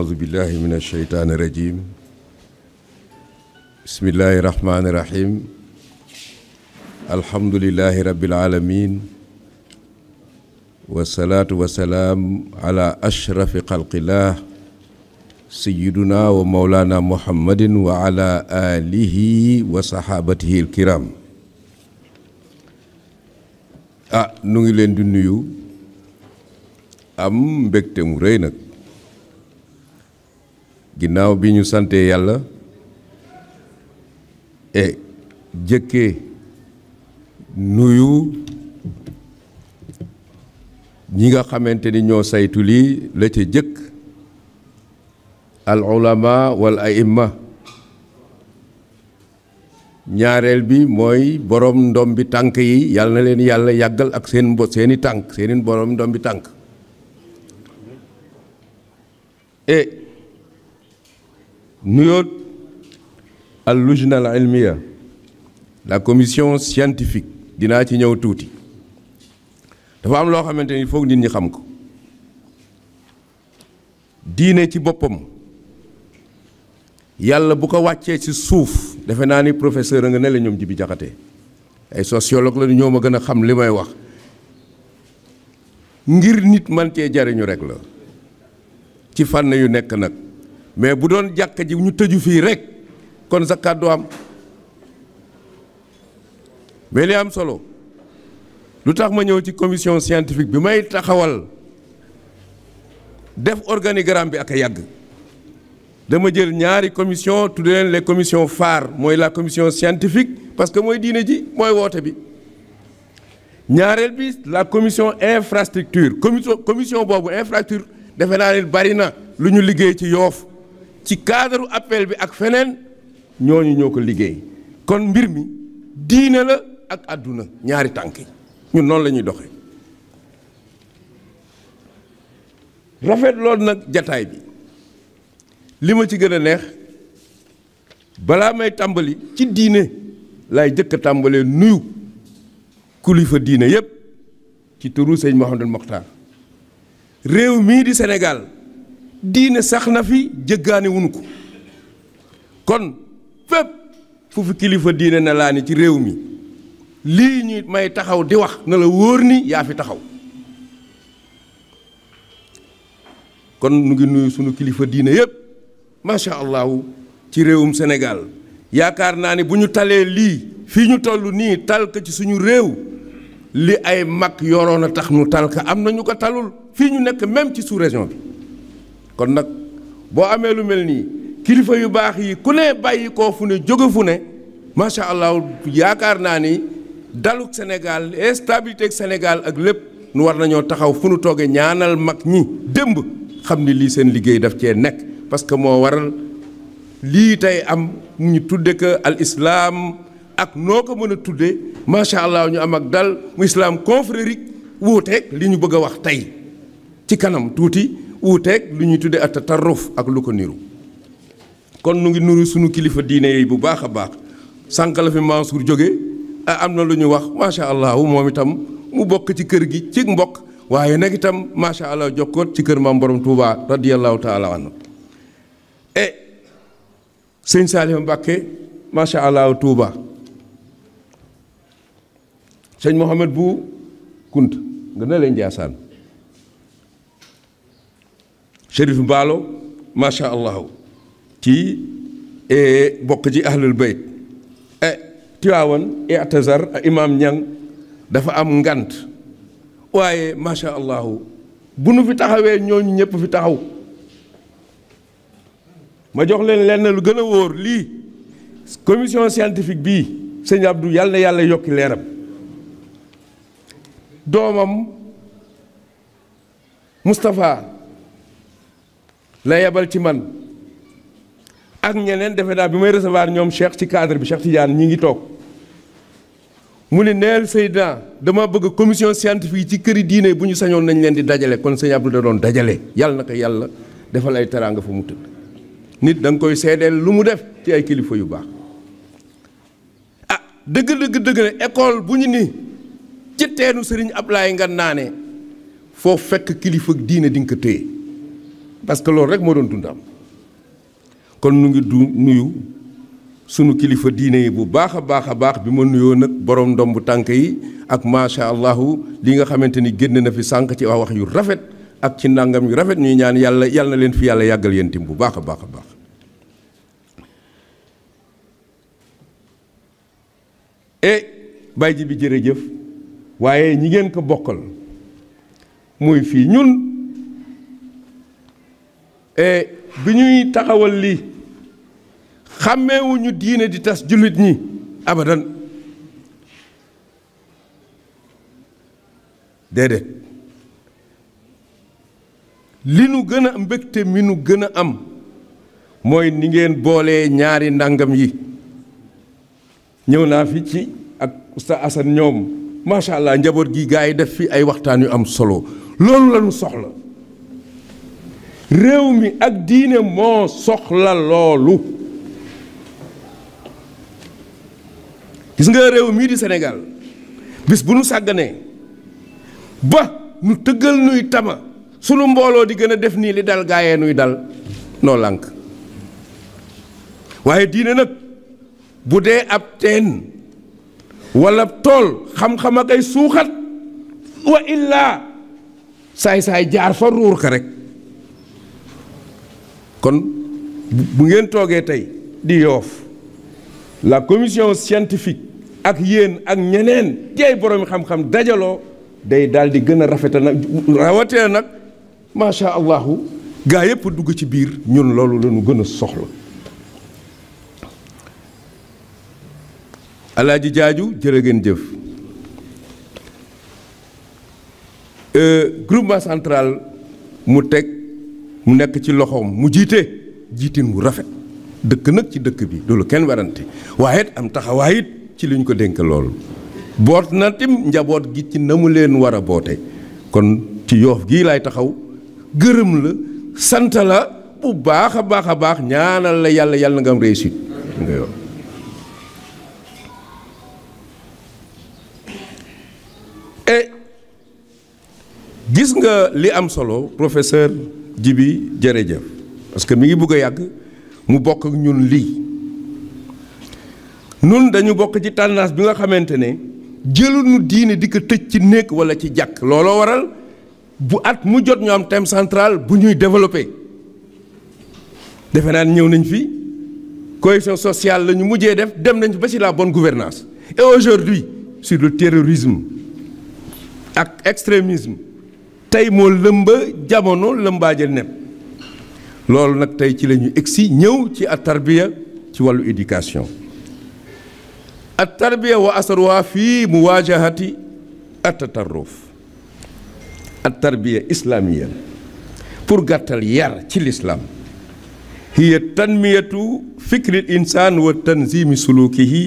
أعوذ بالله من الشيطان الرجيم بسم الله الرحمن الرحيم الحمد لله رب العالمين والصلاة والسلام على أشرف خلق الله سيدنا ومولانا محمد وعلى آله وصحابته الكرام ah nu ngi leen di nuyu am mbégte ginnaaw bi ñu santee yàlla e jëkkee nuyu ñi nga xamante ni ñoo saytu lii la ca jëkk al ulama wal aimma ñaareel bi mooy borom ndoom bi tànk yi yàlla na leen yàlla yàggal ak seen seeni tànk seeni borom ndom bi tànk e nous al lujna al ilmiya la commission scientifique dina ci ñëw touti. dafa am loo xamante ni foog nit ñi xam ko diine ci bopam yalla bu ko wacce ci souf defé na ni professeur nga ne la ñom jibi jaxaté ay sociologue la ñoo ma a xam limay wax ngir nit man cee jariñu rek la ci fànn yu nek nak mais bu doon jàkka ji ñu tëju fii rek kon sa du am mais li am solo lu tax ma ñëw ci commission scientifique bi may taxawal def organigramme bi ak a yàgg dama jël ñaari commission tudde leen les commissions phares mooy la commission scientifique parce que mooy diine ji mooy woote bi ñaareel bi la commission infrastructure commission boobu infrastructure defe naa ne bari na lu ñu liggéey ci yoof ci cadre appel bi ak feneen ñooñu ñoo ko liggéey kon mbir mi diine la ak àdduna ñaari tànk yi ñun noonu la ñuy doxee rafet lool nag jataay bi li ma ci gën a neex balaa may tàmbali ci diine lay jëkk a tàmbalee nuyu kilifa diine yépp ci turu sëñ Mouhamadou Mokhtar réew mii di senegal diine sax na fi jëggaane ko kon fépp fu fi kilifa diine na laa ni ci réew mi lii ñu may taxaw di wax na la wóor ni yaa fi taxaw kon nu ngi nuyu sunu kilifa diine yépp macha allahu ci réewum senegal yaakaar naa ni bu ñu talee lii fii ñu toll nii tal ci suñu réew li ay mag yoroon a tax nu tal am na ñu ko talul fii ñu nekk même ci sous-région bi kon nag boo amee lu mel nii kilifa yu baax yi ku ne bàyyi koo fu ne jóge fu ne macha allah yaakaar naa ni daluk Sénégal et stabilité ak Sénégal ak lépp nu war nañoo taxaw fu nu toogee ñaanal mag ñi démb xam ni lii seen liggéey daf cee nekk parce que moo waral lii tey am ñu tudde que al islam ak noo ko mën a tuddee macha allah ñu am ak dal mu islam confrérique wuuteeg li ñu bëgg a wax tey ci kanam tuuti. Utek lu ñuy tuddee at tarruf ak lu ko niru kon nu ngi nuru sunu kilifa diine yi bu baax a baax sànq la fi Mansour jóge ah, am na lu ñu wax macha allah moom itam mu bokk ci kër gi ci mbokk waaye nag itam macha allah jokkoot ci kër maam borom Touba radiyallahu taala anhu e sëñ Saliou Mbacke macha allah Touba sëñ mohammed bu Kunt nga ne leen Chérif Mbaalo macha allah ci e, bokk ci ahlul bayt e Tiwaawan itazar imaam Ñang dafa am ngànt waaye macha allah bu nu fi taxawee ñooñu ñëpp fi taxaw ma jox leen lenn lu gën a wóor lii commission scientifique bii sëñ Abdou yàlla na yàlla yokki leeram doomam Moustapha. la yabal ci man ak ñeneen defe naa bi may recevoir ñoom cheikh ci cadre bi cheikh tidiane ñi ngi toog mu neel dama bëgg commission scientifique ci këri diine bu ñu sañoon nañ leen di dajale kon sëñ Abdou da doon dajale yàlla naka yàlla defal ay teranga fu mu tëdd nit da nga koy seedeel lu mu def ci ay kilifa yu baax ah dëgg dëgg dëgg ne école bu ñu ni ci teenu sëriñ Ablaye nga naanee fekk kilifa diine di nga ko parce que loolu rek moo doon dundam kon nu ngi du nuyu sunu kilifa diine yi bu baax a baax a baax bi ma nuyoon nag borom ndomb tànk yi ak macha allahu li nga xamante ni génn na fi sànq ci wax yu rafet ak ci nangam yu rafet ñuy ñaan yàlla yàlla leen fi yàlla yàggal yéen tim bu baax a baax a baax. e eh, bay ji bi jërëjëf waaye ñi ngeen ko bokkal muy fii ñun. E, bi ñuy taxawal li xàmmewuñu diine di tas jullit ñi abadan déedéet li nu gën a mbégte mi nu gën a am mooy ni ngeen boolee ñaari ndàngam yi ñëw naa fi ci ak Oustaz Assane ñoom macha allah njaboot gi gaa yi def fi ay waxtaan yu am solo loolu la ñu soxla réew mi ak diine moo soxla loolu gis nga réew mii di Sénégal bis bu nu sàgganee ba nu tëggal nuy tama sunu mbooloo di gën a def nii li dal gaayee nuy dal noo lànk waaye diine nag bu dee ab teen walla tool xam-xam ak ay suuxat wa illaa saay-saay jaar fa ruur ka rek kon bu ngeen toogee tey di yoof la commission scientifique ak yéen ak ñeneen ci boroomi xam-xam dajaloo day daal di gën a rafetal nag rawatee nag macha allahu gaa yëpp dugg ci biir ñun loolu la ñu gën a soxla. Alaaji Jaaju jërë ngeen jëf euh, groupement central mu teg. mu nekk ci loxoom mu jiite jiitin wu rafet dëkk nag ci dëkk bi loolu kenn werante waaye am taxawaay it ci li ñu ko dénk loolu boot na tim njaboot gi ci na mu leen war a boote kon ci yoof gii laay taxaw gërëm la sant la bu baax a baax a baax ñaanal la yàlla yàlla nga am réussite nga eh, gis nga li am solo professeur jibi jërëjëf parce que mi ngi bëgg yag mu bok ak ñun li nun dañu bok ci tendance bi nga xamantene jëlu nu diine di ko tëj ci néeg wala ci jak lolo waral bu at mu jot ñu am thème central bu ñuy développer defe naa ñëw nañ fi cohésion sociale lañu mujjé def dem nañ ba ci la bonne gouvernance et aujourd'hui sur le terrorisme ak extrémisme tey moo lëmba jamono lëmbaaje nepp loolu nag tey ci lañu ñu egsi ñëw ci at tarbiya ci wàllu éducation at tarbiya wa asarwaa mu muwaajahati at tatarruf at tarbiya islamiya pour gàttal yar ci lislaam hiya tanmiyatu fikril insaan wa tanzimi sulukihi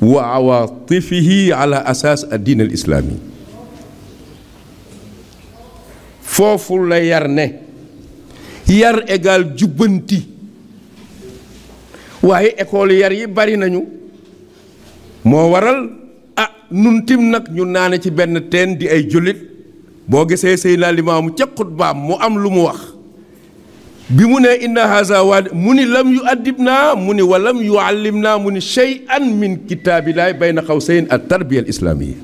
wa awatifihi ala asas ad diin al islaami foofu la yar ne yar égal jubbanti waaye école yar yi bari nañu moo waral ah nun tim nag ñu naane ci benn teen di ay jullit boo gisee Seydina Limaamu ca xutbaam mu am lu mu wax bi mu ne inna haza waad mu ni lam yu addib naa mu ni walam yu allim naa mu ni shay'an min kitaabilaay bayna xawsayn at tarbiya al islamiyya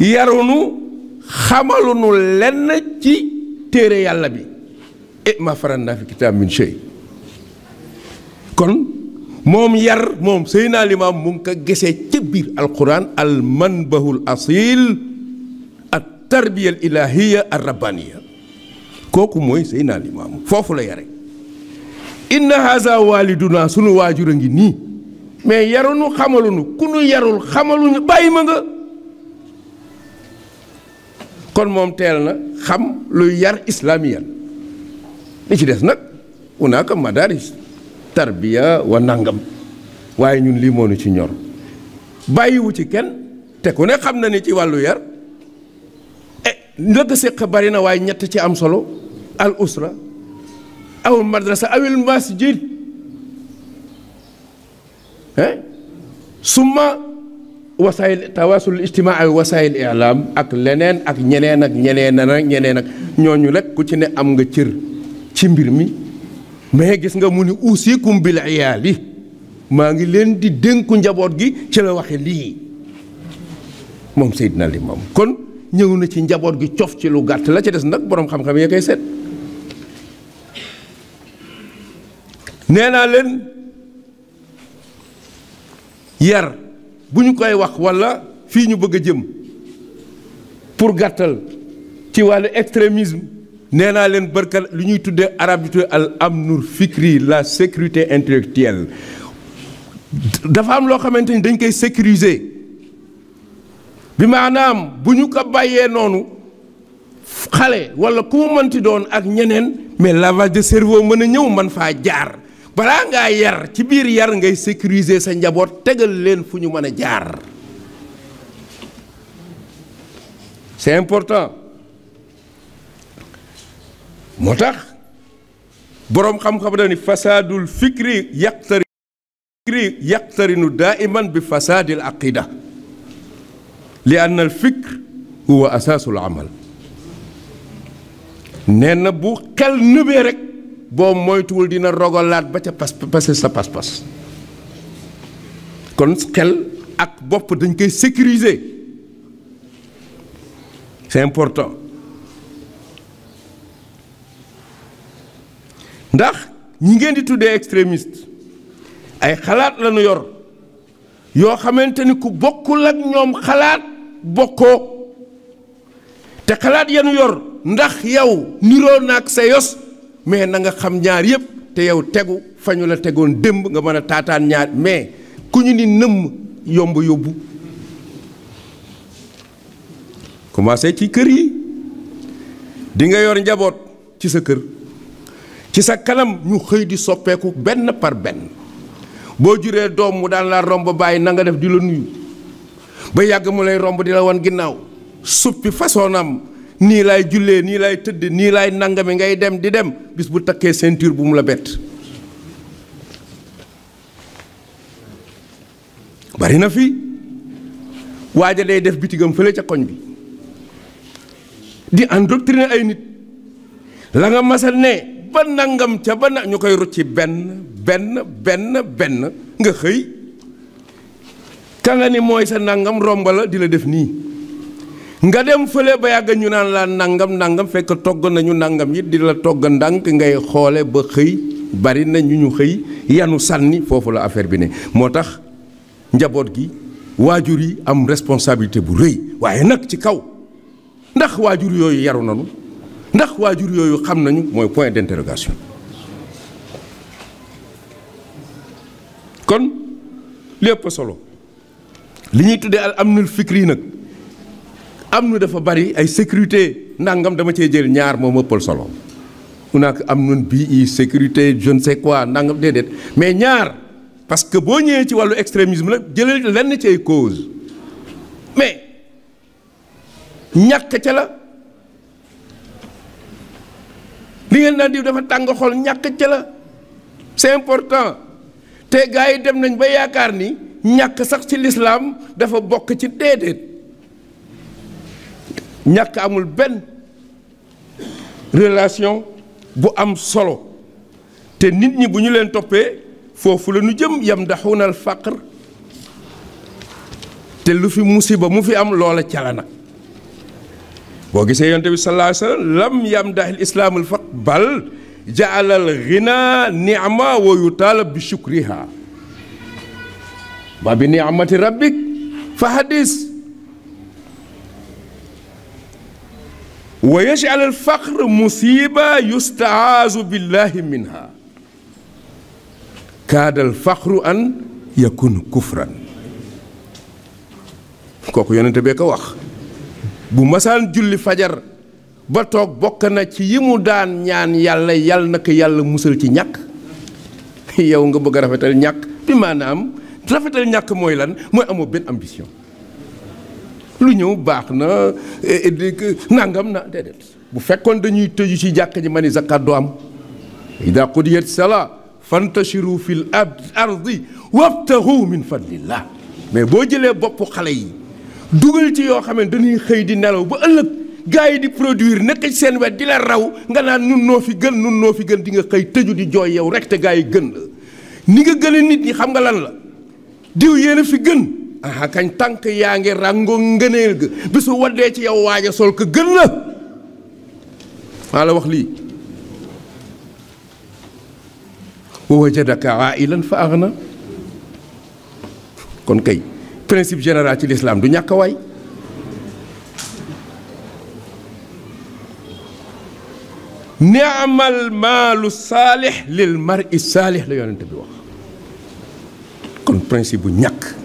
yarunu xamaluñu lenn ci téere yàlla bi e ma faranna fi kitaab min shay kon moom yar moom sëy naa Limaam mu ngi ko gisee ca biir alquran al manbahul asil at tarbiya al ilahiya ar rabbaniya kooku mooy Seydina Limaam foofu la yare inna haza waliduna sunu waajur a ngi nii mais yaruñu xamaluñu ku nu yarul xamaluñu bàyyi ma nga kon moom teel na xam luy yar islamiyan li ci des nag unaaka madaris tarbiya wa nangam waaye ñun lii moo ci ñor bàyyiwu ci kenn te ku ne xam na ni ci wàllu yar e séq bari na waaye ñett ci am solo al usra awul madrasa awil masjid eh? summa wasaayil tawaasul ijtimaa wasaayil i'laam ak leneen ak ñeneen ak ñeneen ak ñeneen ak ñooñu rek ku ci ne am nga cër ci mbir mi mais gis nga mu ni uusikum bil iyaali maa ngi leen di dénku njaboot gi ci la waxe lii moom Seydina Limaamu kon ñëw na ci njaboot gi cof ci lu gàtt la ci des nag boroom xam-xam yee koy seet nee naa leen yar bu ñu koy wax walla fii ñu bëgg a jëm pour gàttal ci wàllu extremisme nee naa leen bërkat lu ñuy tuddee arab di am al amnur fikri la sécurité intellectuelle dafa am loo xamante ni dañ koy sécuriser bi maanaam bu ñu ko bàyyee noonu xale walla ku mu mënti doon ak ñeneen mais lavage de cerveau mën a ñëw man faa jaar bala nga yar ci biir yar ngay sécuriser sa njaboot tegal leen fu ñu mën jaar c'est important moo tax boroom xam-xam da ni fikri yaqtari fikri yaqtarinu daiman bi fasaadil aqida li anna al fikr huwa asasul amal nee na bu xel nëbee rek boo moytuwul dina rogalaat ba ca pas passé sa pas-pas kon xel ak bopp dañ koy sécuriser c'est important ndax ñi ngeen di tuddee extrémiste ay xalaat la yor yoo xamante ni ku bokkul ak ñoom xalaat bokkoo te xalaat yanu yor ndax yow niroo naag sa yos mais nanga xam ñaar yëpp te yow tegu fañu la tegoon démb nga mën a taataan ñaar mais ku ñu ni nëmm yomb yóbbu commencé ci kër yi dinga yor njaboot ci sa kër ci sa kanam ñu xëy di soppeeku benn par benn boo juree doom mu daan laa romb bàyyi na nga def di la nuyu ba yàgg mu lay romb di la wan ginnaaw suppi façonam nilai lay nilai ni nilai teud ni lay nangami ngay dem di dem bis bu takkee ceinture bu mu la bet bari na fi waja day def bitigam fele ca koñ bi di endoctriner ay nit la nga masal ne ban nangam ca ba na ñu ben ben ben ben ben benn nga xey ka nga ni moy sa nangam def ni nga dem fële ba yàgg ñu naan laa nangam nangam fekk togg nañu nangam it di la togg ndànk ngay xoole ba xëy bari na ñu ñu xëy yanu sànni foofu la affaire bi ne moo tax njaboot gi waajur yi am responsabilité bu rëy waaye nag ci kaw ndax waajur yooyu yaru nañu ndax waajur yooyu xam nañu mooy point d'interrogation kon lépp solo li ñuy tuddee al amnul fikri nag. am nu dafa bari ay sécurité nangam dama cey jël ñaar moom ëppal solo mu naak am nun bii sécurité je ne sais quoi nangam dedet mais ñaar parce que bo ñëwee ci walu extrémisme la jël lenn ci ay cause mais ñak ci la li ngeen nandi dafa tang xol ñak ci la c'est important te gaay dem nañ ba yaakaar ni ñak sax ci l'islam dafa bok ci dedet ñàkk amul benn relation bu am solo te nit ñi bu ñu leen toppee foofu la ñu jëm yam ndaxuuna al faqr te lu fi musiba mu fi am loola cala nag boo gisee yonte bi sallallahu alayhi wa lam yam daxil islaamul faq bal jaalal ghina ni'ma wa yutalab bi shukriha ba bi ni'mati rabbik fa hadis wa yajal al faqr musiba yustaazu billahi minha kaadal faqru an yakun kufran kooku yonente bee ko wax bu masaan julli fajar ba toog bokk na ci yi mu daan ñaan yàlla yàlla na ko yàlla musal ci ñàkk yow nga bëgg a rafetal ñàkk bi maanaam rafetal ñàkk mooy lan mooy amoo benn ambition lu ñëw baax na nangam na déedéet bu fekkoon dañuy tëju ci jàkk ji ma ni zakat du am ida qudiyat sala fantashiru fil ardi wabtahu min fadlillah mais boo jëlee boppu xale yi dugal ci yoo xam ni dañuy xëy di nelaw ba ëllëg gars yi di produire nekk ci seen wet di la raw nga naan nun noo fi gën nun noo fi gën di nga xëy tëju di jooy yow rek te gars yi gën la ni nga gën a nit yi xam nga lan la diw yéen a fi gën aha kañ tank yaangi ngi ngeneel ngëneel ga bisu wadde ci yow ya waaja sol ko gën la maa la wax lii wa wajadaka ailan fa aghna kon kay principe général ci l'islam du way ni'mal malu salih lil mar'i salih la yonent bi wax kon principe bu ñak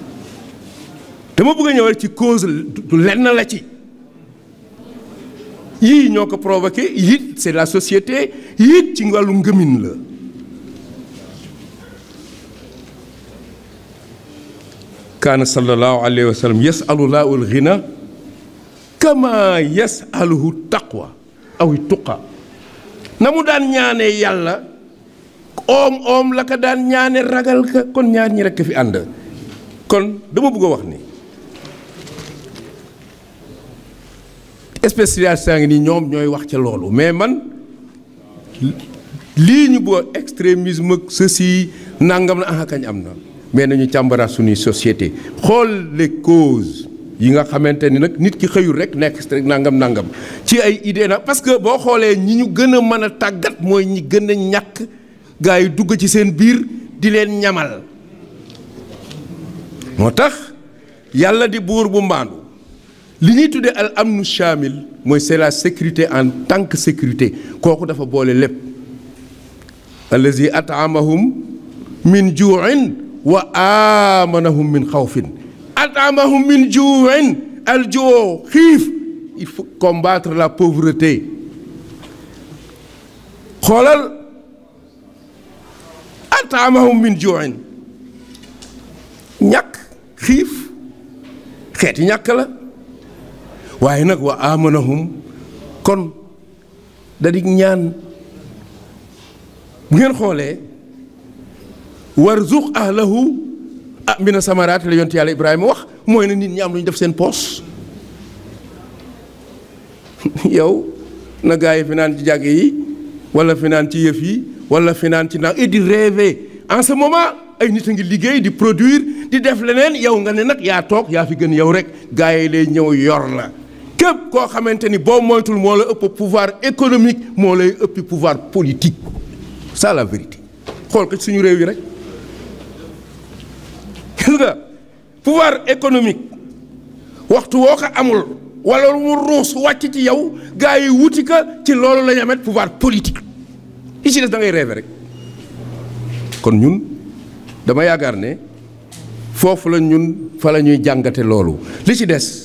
dama bëgg a ci cause du lenn la ci yii ñoo ko provoqué yii c'est la société yii ci wàllu ngëmin la kaana sallallahu alayhi wa sallam yasalu laahu alghina kama yasaluhu taqwa aw tuqa na mu daan ñaane yàlla oom oom la ko daan ñaane ragal ka kon ñaar ñi rekk fi ànd kon dama bëgg a wax ni spécialiste ngi nii ñoom ñooy wax ca loolu mais man lii ñu boo extrémisme ak ceci nangam na ah am na mais nañu càmbaraat suñuy société xool les causes yi nga xamante ni nag nit ki xëyul rek nekk rek nangam nangam ci ay idée nag parce que boo xoolee ñi ñu gën a mën a tàggat mooy ñi gën a ñàkk gars yi dugg ci seen biir di leen ñamal moo tax yàlla di buur bu mbaandu li ñuy tuddee al amnu chamil c'est la sécurité en tant que sécurité kooku dafa boole lépp allazi atamahum min juuin wa amanahum min xawfin atamahum min juuin al joo xiif il faut combattre la pauvreté xoolal atamahum min juuin ñàkk xiif xeeti ñàkk la waaye nag waa amanahum kon da ñaan bu ngeen xoolee warzuq ahlahu ah mina samaraat la yonent yàlla Ibrahima wax mooy na nit ñi am lu ñu def seen poos yow na gaa yi fi naan ci jàgg yi wala fi naan ci yëf yi wala fi naan ci naan et di rêver en ce moment ay nit a ngi liggéey di produire di def leneen yow nga ne nag yaa toog yaa fi gën yow rek gaa yi lay ñëw yor la. képp koo xamante ni boo moytul moo la ëpp pouvoir économique moo lay ëpp pouvoir politique ça la vérité xool ko suñu réew yi rek gis nga pouvoir économique waxtu woo ko amul wala mu ruus wàcc ci yow gars yi wuti ka ci loolu la ñu amet pouvoir politique ici des da ngay rêver rek kon ñun dama yaakaar ne foofu la ñun fa la ñuy jàngate loolu li ci des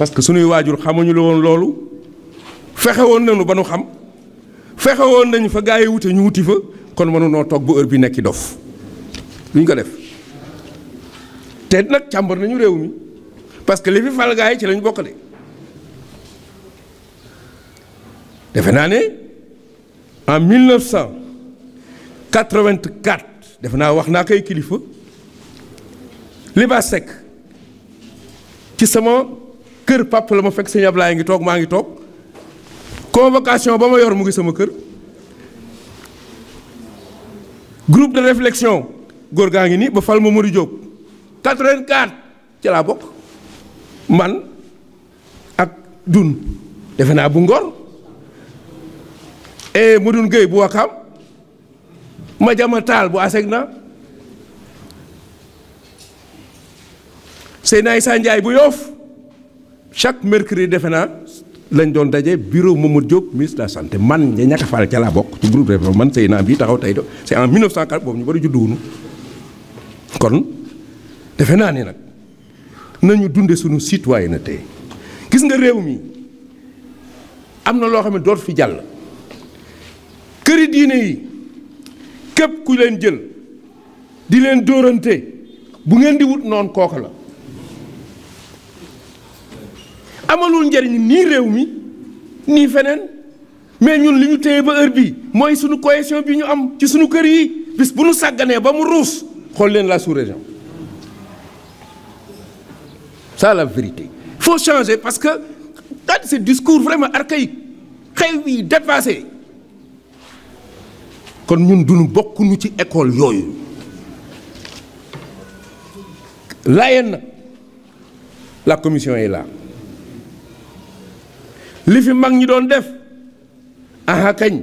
parce que suñuy wajur xamuñu la woon loolu fexe woon nañu ba xam fexe woon nañu fa gaa yi ñu wuti fa kon mënunoo toog bu heure bi nekki dof duñ ko def té nak chamber nañu réew mi parce que li fi fal gaa ci lañ bokk de naané en 1984 defe na wax na kay kilifa li ba ci sama. kër pap la ma fekk sëñ Ablaye ngi toog maa ngi toog convocation ba ma yor mu ngi sama kër groupe de réflexion góor gaa ngi nii ba fal Mamadou Diop 84 ci laa bokk man ak dun defe naa bu ngor e mu dun bu waxam ma jama taal bu aseg na Seydina Issa Ndiaye bu yoof chaque mercredi defe naa lañ doon daje bureau Mamadou Diop ministre de la santé man ña ñàkk a ca laa bokk ci groupe de man sëy naa bii taxaw tey do c'est en 1940 boobu ñu bari juddu wuñu kon defe naa ne nag nañu dunde suñu na citoyenneté gis nga réew mi am na loo xam ne doot fi jàll këri diine yi képp ku leen jël di leen dóorante bu ngeen di wut noonu kooka la amalul pas ni réew ni mais ñun li ñu téye ba heure bii nous suñu cohésion bi ñu am ci suñu kër yi bis bu ba mu ruus xool leen la sous-région ça la vérité il faut changer parce que c'est ce discours vraiment archaïque xew dépassé kon ñun duñu ñu ci école yooyu la commission est là li fi mag ñi doon def aha kañ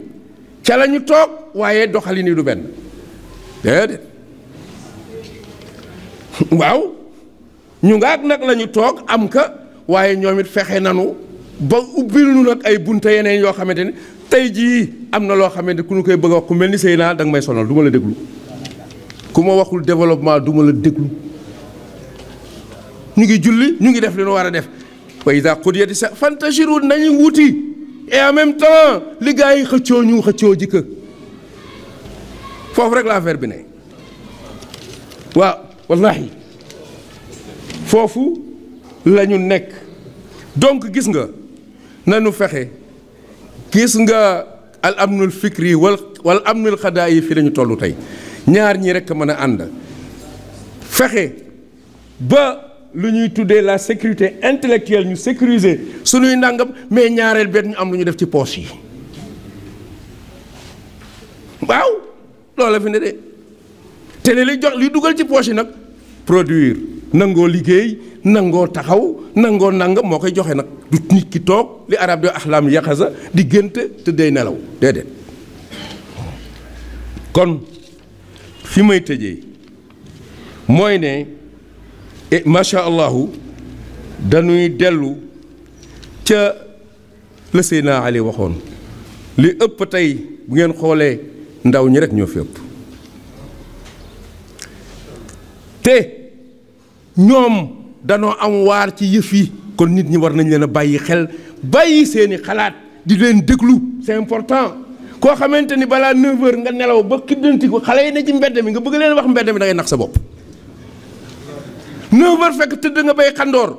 ca la ñu toog waaye doxalin yi du benn déedéet waaw ñu ngaak nag lañu toog am ka waaye ñoom it fexe nanu ba ubbil lu nag ay bunte yeneen yoo xamante ni tey jii am na loo xamante ku ñu koy bëgg a wax ku mel ni sëy naa danga may sonal du ma la déglu ku ma waxul développement du la déglu ñu ngi julli ñu ngi def li nu war a def wa ida qudiyati sa fantashiru nañu wuti et en même temps li yi xëccoo ñu xëccoo jikka foofu rek la affaire bi ne waaw wallahi foofu la ñu nekk donc gis nga nañu fexe gis nga al amnul fikri wal wal amnul yi fi lañu tollu tey ñaar ñi rek mën a ànd fexe ba lu ñuy la sécurité intellectuelle ñu sécuriser suñuy ndàngam mais ñaareel avons ñu am lu ñu def ci poche yi waaw loola fi ne de te li jox li dugal ci poche yi produire nangoo liggéey nangoo taxaw nangoo nangam moo koy joxe du nit ki li arab di axlaam di te day nelaw kon fi ne. et eh, macha allahu dañuy dellu ca la naa Ali waxoon li ëpp tey bu ngeen xoolee ndaw ñi rek ñoo fi ëpp te ñoom danoo am waar ci yëf yi kon nit ñi war nañ leen a bàyyi xel bàyyi seeni xalaat di leen déglu c'est important koo xamante ni balaa 9h nga nelaw ba xiddanti ko xale yi ne ci mbedd mi nga bëgg leen wax mbedd mi da nax sa bopp. neuf heures fekk tëdd nga bay xandoor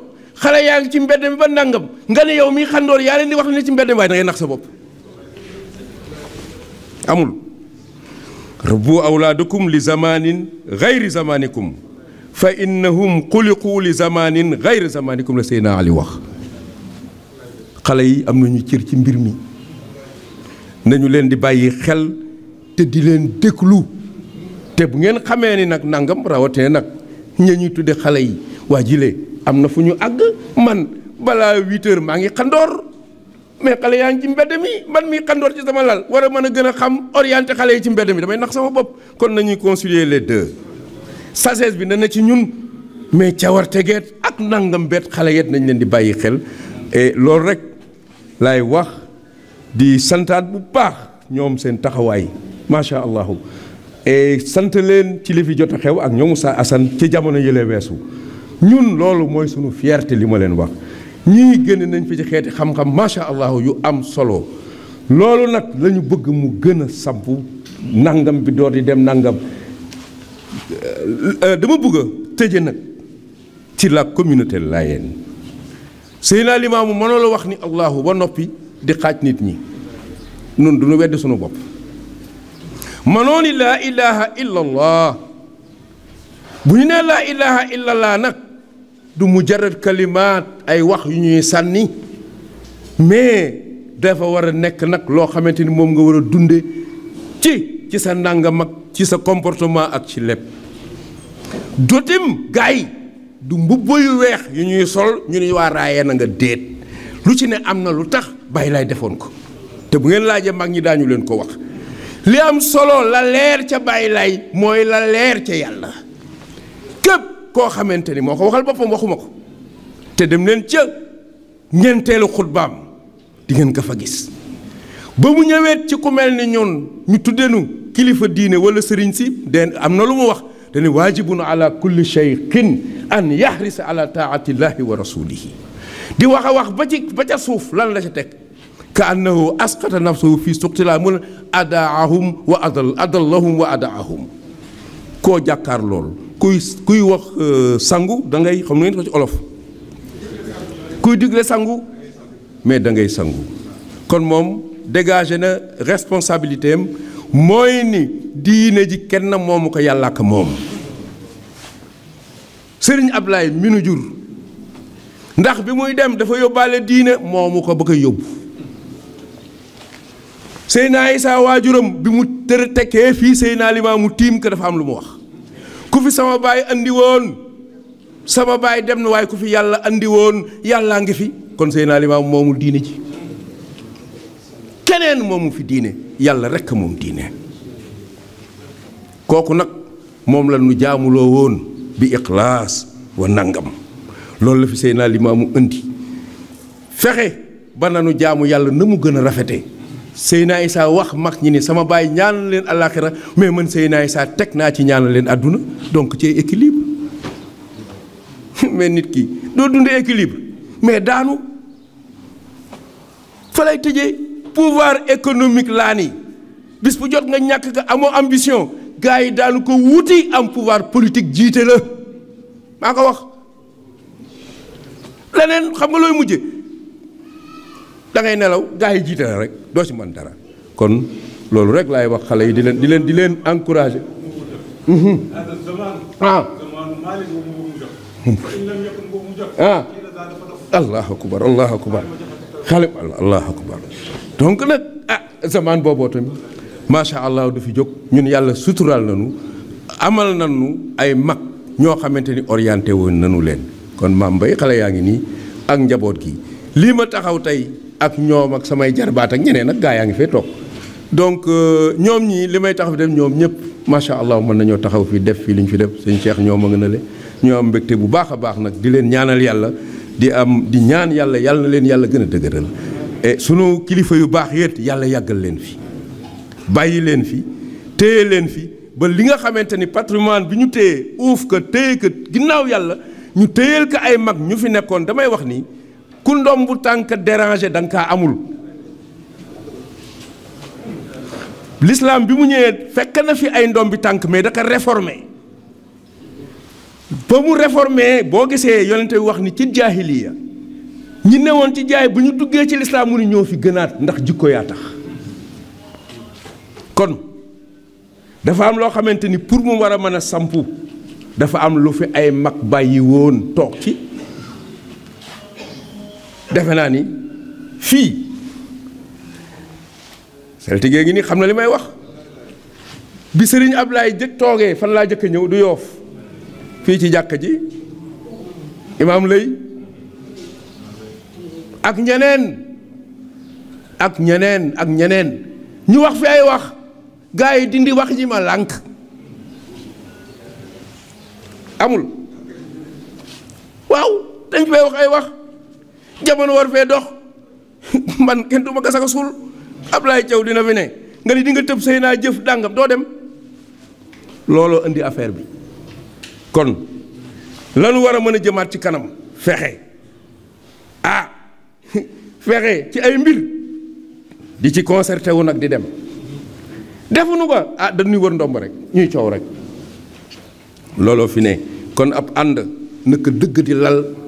xale yaa ngi ci mbedd mi ba nangam nga ne yow mii xandoor yaa leen di wax ne ci mbedd mi waaye da ngay nax sa bopp amul rabbu awlaadakum li zamanin gayri zamanikum fa innahum xuliqu li zamanin gayri zamanikum la Seydina Ali wax xale yi am nañu cër ci mbir mi nañu leen di bàyyi xel te di leen déglu te bu ngeen xamee ni nag nangam rawatee nag ñañu ñuy tudde xale yi wajilé jile fuñu ag man bala 8 h ma ngi xandor mais xalé yaa ngi mbédé mi man mi xandor ci sama lal wara mëna gëna xam orienter xalé yi ci mbédé mi damay nax sama bop kon nañuy concilier les deux sagesse bi dana ci ñun mais war ak nangam bét xalé yi nañ leen di bayyi xel et lool rek lay wax di santat bu baax ñoom seen taxawaay masha allahu E sant leen ci li fi jot a xew ak ñoom Moussa Assane ci jamono yële weesu ñun loolu mooy sunu fierté li ma leen wax ñii génn nañ fi ci xeeti xam-xam macha allah yu am solo loolu nag lañu bëgg mu gën a samp nangam bi door di dem nangam euh, dama bëgg a tëje nag ci la communauté layeen Seydina Limaamu mënoo la wax ni allahu ba noppi di xaaj nit ñi nun duñu wedd sunu bopp manoo la ilaha illallah bu ñu ilaha illallah nak. du mujarrad kalimat, ay wax yu ñuy sanni mais dafa wara nek nak lo xamanteni mom nga wara dundé dunde ci ci sa nàngam ak ci sa comportement ak ci lepp dotim gay du mbubba yu wex yu ñuy sol ñu ñuy wa na nga déet lu ci ne amna lu tax bay lay defoon ko te bu ngeen laaje mag ñi dañu leen ko wax li am solo la leer ca bàyyi lay mooy la leer ca yàlla képp koo xamante ni moo ko waxal boppam waxuma ko te dem leen ca ñeenteelu xutbaam di ngeen ko fa gis ba mu ñëwee ci ku mel ni ñun ñu tuddeenu kilifa diine wala sëriñ si den am na lu mu wax dañu waajibun ala kulli cheikhin an yahrisa ala taatillahi wa rasulihi di wax a wax ba ci ba ca suuf lan la ca teg ka annahu asqata nafsahu fii suqtilaa mun adaahum wa adal adallahum wa adaahum koo jàkkaar lool kuy kuy wax sangu dangay ngay xam ngeen ko ci olof kuy digle sangu mais dangay sangu kon moom dégagé na responsabilité am mooy ni diine ji kenn moomu ko yàlla ak moom Sëriñ Ablaay mi nu jur ndax bi muy dem dafa yóbbaale diine moomu ko ba koy yóbbu Seydina Isa waajuram bi mu tër tekkee fii naa Limaamu tiim ko dafa am lu mu wax ku fi sama baay andi woon sama baay dem na waaye ku fi yàlla andi woon yàllaa ngi fi kon Seydina Limaamu moomul diine ji keneen moomu fi diine yàlla rekk moom diine kooku nag moom la nu jaamuloo woon bi ixlaas wa nangam loolu la fi Seydina Limaamu indi fexe ba nanu jaamu yàlla na mu gën a rafete Seydina Isa wax mag ñi ni sama baay ñaanal leen àllaaxira mais man Seydina Isa teg naa ci ñaanal leen àdduna donc ci équilibre mais nit ki doo dund équilibre mais daanu fa lay tëjee pouvoir économique laa ni bis bu jot nga ñàkk ka amoo ambition gars yi daanu ko wuti am pouvoir politique jiite la maa ko wax leneen xam nga looy mujje da nelaw gars yi jiite la rek doo ci mën dara kon loolu rek laay wax xale yi di leen di leen di leen encouragé. Mhm. ah. ah. allahu akbar allahu akbar xale allahu akbar donc nag ah zamaan booboo tamit macha allah du fi jóg ñun yàlla suturaal nañu amal nañu ay mag ñoo xamante ni orienté woon nanu leen kon maam bay xale yaa ngi nii ak njaboot gi lii ma taxaw tey. ak ñoom ak samay jarbaat ak ñeneen ak gaa yaa ngi fee toog donc euh, ñoom ñii li may taxaw fi def ñoom ñëpp macha allah mën nañoo taxaw fii def fii li ñu fi def sëñ Cheikh ñoom a nga na le ñoo am mbégte bu baax a baax nag di leen ñaanal yàlla di am di ñaan yàlla yàlla leen yàlla gën a dëgëral suñu kilifa yu baax yéet yàlla yàggal leen fi bàyyi leen fi téye leen fi ba li nga xamante ni patrimoine bi ñu téye uuf ko téye ko ginnaaw yàlla ñu téyeel ay mag ñu fi nekkoon damay wax nii ku ndoom bu tànk déranger da nga amul l'islam bi mu ñëwee fekk na fi ay ndoom bi tànk mais daka ko réformé mu réformé boo gisee yonente bi wax ni ci jaahiliya ne woon ci jaay bu ñu duggee ci lislaam mu ni ñëw fi gënaat ndax jikko yaa tax kon dafa am loo xamante ni pour mu war a mën a sampu dafa am lu fi ay mag bàyyi woon toog ci defe naa ni fii saltige ngi nii xam na li may wax bi sëriñ laay jëkk toogee fan laa jëkk ñëw du yoof fii ci jàkk ji imaam lay ak ñeneen ak ñeneen ak ñeneen ñu wax fi ay wax gaa yi dindi wax ji ma lànk amul waaw dañ fay ay wax jamono war fe dox man ken duma ma sagasul ablay ciow dina fi ne nga di nga teb seyna dangam do dem lolo andi affaire bi kon lanu wara meuna mën a ci kanam fexé ah fexé ci ay mbir di ci concerté wu nak di dem defuñu ko ah ñu wër ndomb rek ñuy ciow rek lolo fi ne kon ab and nek deug di lal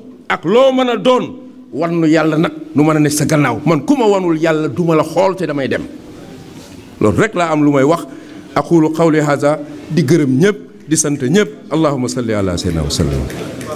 ak loo mën a doon wan nu yàlla nag nu mën a ne sa gannaaw man ku ma wanul yàlla duma la xool te damay dem loolu rek laa am lu may wax aqulu qawli haza di gërëm ñëpp di sant ñëpp allahuma salli ala sayyidina wa sallam